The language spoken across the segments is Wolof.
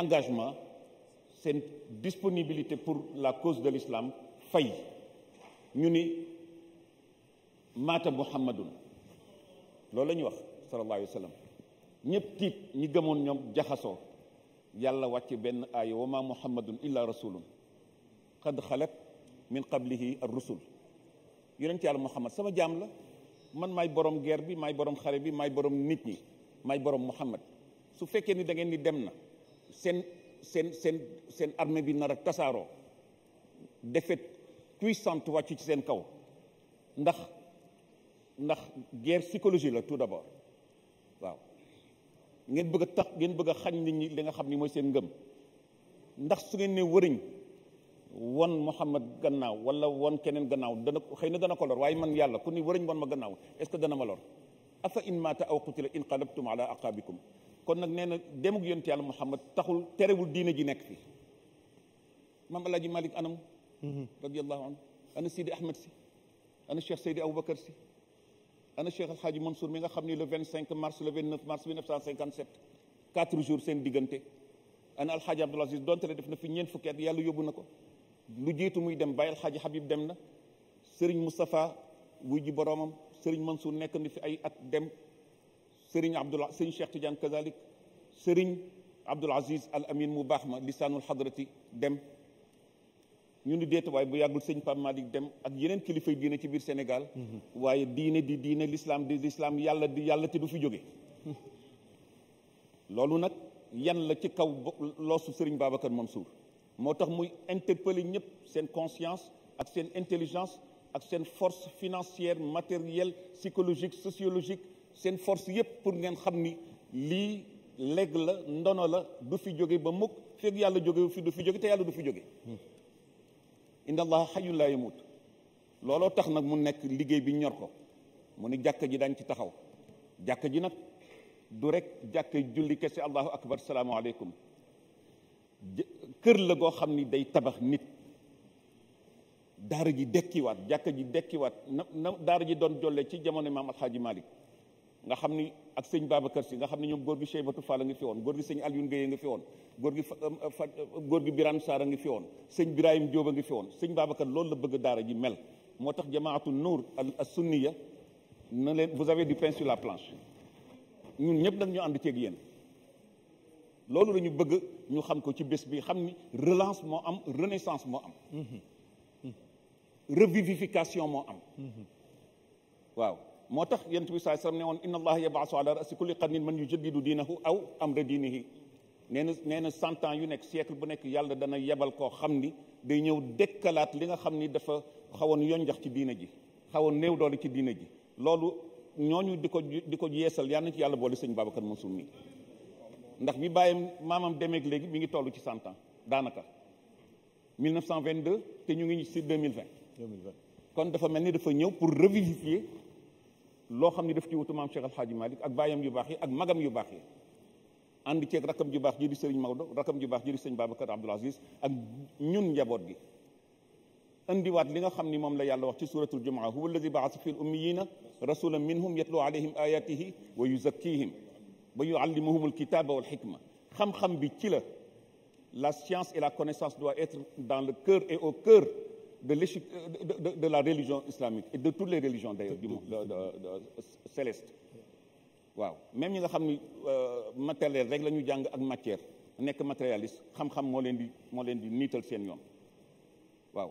engagement seen disponibilité pour la cause de lislaam fay ñu ni maata muhammadun loolu la ñu wax sallallahu alayhi wa sallam tiit ñi gëmoon ñoom jaxasoo yàlla wàcce benn aaya wa ma muhammadun illa rasulun qad xalat min qablihi ar rusul yonent yàlla muhammad sama jaam la man maay borom geer bi maay borom xale bi maay borom nit ñi maay borom muhammad su fekkee ni da ngeen ni dem na seen seen seen seen armée bi nar a tasaaroo défaite puissante wàcc ci seen kaw ndax ndax guerre psychologie la tout d'abord waaw ngeen bëgg tax ngeen bëgg a xañ nit ñi li nga xam ni mooy seen ngëm ndax su ngeen ne wëriñ wan Muhammad gannaaw wala wan keneen gannaaw dana xëy na dana ko lor waaye man yàlla ku ni wëriñ wan ma gannaaw est-ce que dana ma lor afa in mata aw qutila inqalabtum ala aqabikum kon nag nee na demug yonent yàlla Muhammad taxul terewul diina ji nekk fi maam Alaaji Malik anam mhm. radiallahu anhu ana Sidi Ahmed si ana Cheikh Seydi Aboubacar si ana Cheikh Alhaaji Mansour mi nga xam ni le 25 mars le 29 mars 1957 quatre jours seen diggante ana Alhaaji Abdoul Aziz donte le def na fi ñeent fukki at yàlla yóbbu na ko lu jiitu muy dem bàyyi Alhaaji Habib dem na Serigne Moustapha wuy ji boroomam Serigne Mansour nekk na fi ay at dem sëriñ abdullah sëriñ cheikh tidiane kazalik sëriñ abdul aziz al amin mu baax ma lisaanul xadrati dem ñu ni deet waaye bu yàggul sëñ Pape Malick dem ak yeneen kilifay diine ci biir Sénégal mm-hmm. waaye diine di diine l'islam di l'islam yàlla di yàlla ti du fi jóge loolu nag yan la ci kaw loosu sëriñ Babacar Mansour moo tax muy interpeller ñëpp seen conscience ak seen intelligence ak seen force financière matérielle psychologique sociologique seen force yépp pour ngeen xam ni lii léeg la ndono la du fi jóge ba mukk fekk yàlla jóge fi du fi jóge te yàlla du fi jóge inna allaha xayyun laa looloo tax nag mu nekk liggéey bi ñor ko mu ni jàkk ji dañ ci taxaw jàkk ji nag du rek jàkk julli kese allahu akbar salaamaaleykum kër la goo xam ni day tabax nit daara ji dekkiwaat jàkk ji dekkiwaat na na daara ji doon jolle ci jamono maam alxaaji malik nga xam ni ak sëñ Babacar Si nga xam ne ñoom góor gi Cheybatu Fall a ngi fi woon góor gi sëñ Alioune Gueye a ngi fi góor gi euh, euh, euh, góor gi a ngi fi woon sëñ Birahim Diop a ngi fi woon sëñ Babacar loolu la bëgg daara ji mel moo tax jamaatu nuur al sunniya na leen vous avez du pain sur la planche ñun ñëpp nag ñu ànd ceeg yéen loolu la bëgg ñu xam ko ci bés bi xam ni relance moo am renaissance moo am mm-hmm. Mm-hmm. revivification moo am mm-hmm. waaw moo tax yonent bi sallallahu alayhi wasallam ne woon inna allaha yab'asu a ra'si kulli qarnin man yujaddidu diinahu aw amra diinihi nee na nee na cent yu nekk siècle bu nekk yàlla dana yebal koo xam ni day ñëw dekkalaat li nga xam ni dafa xawoon yonjax ci diina ji xawoon néew doole ci diina ji loolu ñooñu di ko di ko yeesal yal na ci yàlla boole sëñ Babacar Mansour mi ndax bi bàyyam maamam demeek léegi mi ngi toll ci cent ans daanaka 1922 te ñu ngi ci 2020 kon dafa mel loo xam ne daf ci wutu maam Cheikh Alxaaji ak baayam yu baax ak magam yu baax yi ànd ceeg rakam ju baax ji di sëriñ Maodo rakam ju baax ji di sëriñ Babacar Abdoul Aziz ak ñun njaboot gi indiwaat li nga xam ni moom la yàlla wax ci suratul jumaa huwa alladi baasa fi l ummiyina rasulan minhum yatlu alayhim ayatihi wa yuzakkihim wa yuallimuhum alkitaba wal xikma xam-xam bi ci la la science et la connaissance doit être dans le cœur et au cœur de, de, de, la religion islamique et de toutes les religions d'ailleurs du monde céleste waaw même ñi nga xam ni euh, matériel rek la ñu jàng ak matière nekk matérialiste xam-xam moo leen di moo leen di niital seen yoon waaw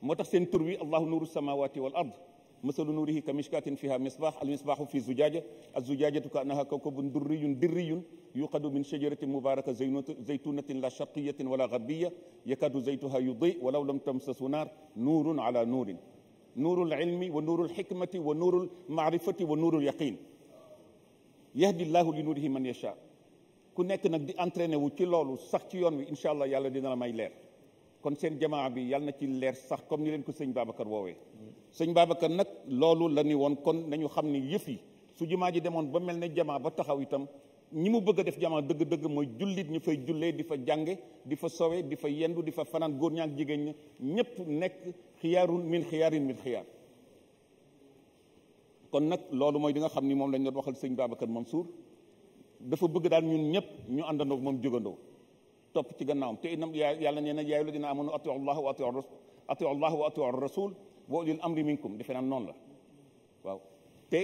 moo tax seen tur wi allahu nuru samawati wal ard masalu nuurihi ka mishkatin fiha misbah almisbahu fi zujaja azujajatu ka annaha kawkabun durriyun dirriyun yuqadu min shajaratin mubaraka zaytunatin la sharqiyatin wala garbiya yakadu zaytuha yudi walaw lam tamsasu naar nuurun ala nuurin nuurul ilmi wa nuurul xikmati wa nuurul maarifati wa nuurul yaqin yahdi llahu li nuurihi man yacha ku nekk nag di entraîné wu ci loolu sax ci yoon wi incha allah yàlla dina la may leer kon seen jamaa bi yàlla na ci leer sax comme ni leen ko sëñ Babacar woowee sëñ Babacar nag loolu la ñu woon kon nañu xam ni yëf su jumaa ji demoon ba mel ne jamaa ba taxaw itam ñi mu bëgg a def jamaa dëgg-dëgg mooy jullit ñu fay jullee di fa jànge di fa sowe di fa yendu di fa fanaan góor ñaan jigéen ñi ñépp nekk xiyaarun min xiyaarin min xiyaar kon nag loolu mooy di nga xam ni moom lañ doon waxal sëñ Babacar Mansour dafa bëgg daal ñun ñëpp ñu àndandoo moom jógandoo topp ci gannaaw te inam yàlla nee na yaayu la dina amoon atiu allah wa atiu allah wa atiu rasul wa ulil amri minkum defe naa noonu la waaw te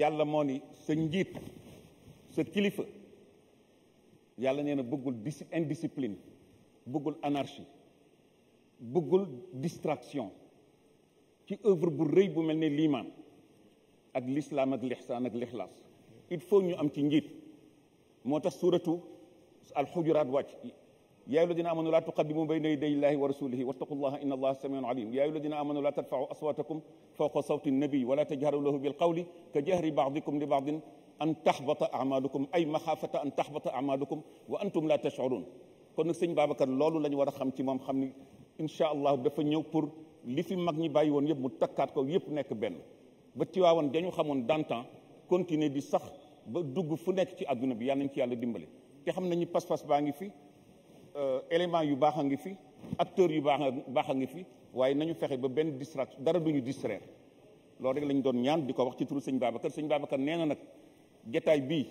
yàlla moo ni sa njiit sa kilifa yàlla nee na bëggul dis indiscipline bëggul anarchie bëggul distraction ci œuvre bu rëy bu mel ni liimaan ak lislaam ak lixsaan ak lixlaas il faut ñu am ci njiit moo tax suuratu alxujuraat wàcc يا أيها الذين آمنوا لا تقدموا بين يدي الله ورسوله واتقوا الله إن الله سميع عليم يا أيها الذين آمنوا لا ترفعوا أصواتكم فوق صوت النبي ولا تجهروا له بالقول كجهر بعضكم لبعض أن تحبط أعمالكم أي مخافة أن تحبط أعمالكم وأنتم لا تشعرون kon nag sëñ Babacar loolu la ñu war a xam ci moom xam ni incha allah dafa ñëw pour li fi mag ñi bàyyi woon yëpp mu takkaat ko yëpp nekk benn ba Tiwaawan dañu xamoon dantan continuer di sax ba dugg fu nekk ci àdduna bi yàlla nañ ci yàlla dimbale te xam nañu pas-pas baa ngi fi Euh, élément yu baax a ngi fi acteur yu baax baax a ngi fi waaye nañu fexe ba benn distraction dara duñu distraire loolu rek lañ doon ñaan di ko wax ci turu sëñ Babacar sëñ Babacar nee na nag jataay bii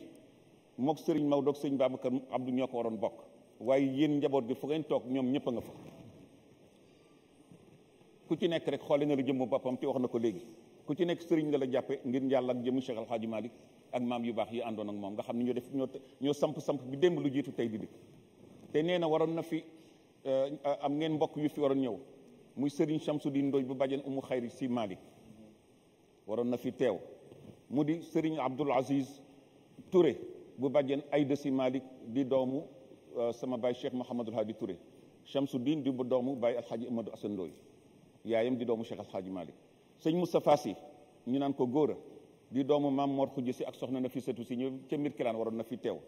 mook sëriñ Maodo ak sëñ Babacar Abdou ñoo ko waroon bokk waaye yéen njaboot gi fu ngeen toog ñoom ñëpp a nga fa ku ci nekk rek xoole na la jëmm boppam te wax na ko léegi ku ci nekk sëriñ la la jàppe ngir yàlla ak jëmu Cheikh Al Hadji Malick ak maam yu baax yi àndoon ak moom nga xam ne ñoo def ñoo ñoo samp samp bi jiitu tey di dikk te nee na waroon na fi eh, am ngeen mbokk yu fi waroon ñëw muy Serigne Chamsoudine Ndoye bu bàjjen umu xayri si Mali waroon na fi teew mu di Serigne Abdoul Aziz Touré bu bàjjen Aïda si Malik di doomu eh, sama baay Cheikh Mouhamadul Hadi Touré Chamsoudine di bu doomu baay Alxaaji Amadou Assane Ndoye yaayam di doomu Cheikh Alxaaji Malik sëñ Moustapha si ñu naan ko góora di doomu maam Mor Xujj si ak soxna na fi sëtu si ñëw ca Mbir Kilaan waroon na fi teew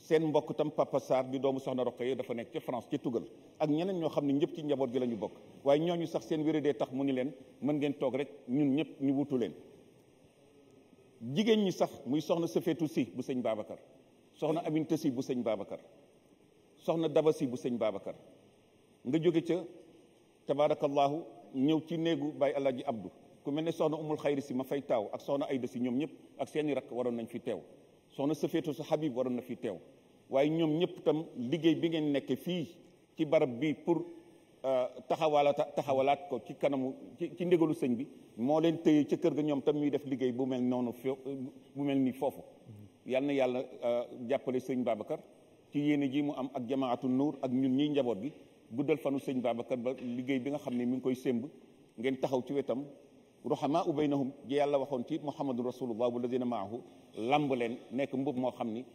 seen mbokk tam papa Sarr bi doomu soxna Rokhaya dafa nekk ca France ca tugal ak ñeneen ñoo xam ne ñëpp ci njaboot gi la ñu bokk waaye ñooñu sax seen wéradee tax mu ni leen mën ngeen toog rek ñun ñëpp ñu wutu leen jigéen ñi sax muy soxna Safeetu Si bu sëñ Babacar soxna Aminta Si bu sëñ Babacar soxna Daba Si bu sëñ Babacar nga jóge ca tabaarakallaahu ñëw ci néegu Baay Alaaji Abdu ku mel ne soxna Umul Xayri Si ma fay taaw ak soxna Ayda Si ñoom ñëpp ak seeni rakk waroon nañ fi teew soxna Safiyatu sa Habib waroon na fi teew waaye ñoom ñëpp itam liggéey bi ngeen nekkee fii ci barab bi pour euh, taxawala taxawalaat ko ci kanamu ci ci sëñ bi moo leen tëye ca kër ga ñoom tam muy def liggéey bu mel noonu fi bu mel nii foofu yal na yàlla euh, jàppale sëñ Babacar ci yéene ji mu am ak jamaatu nuur ak ñun ñi njaboot bi guddal fanu sëñ Babacar ba liggéey bi nga xam ne mi ngi koy sémb ngeen taxaw ci wetam ruhamaa baynahum ji yàlla waxoon ci muhammadun rasulullah walladina maahu lamb leen nekk mbub moo xam ni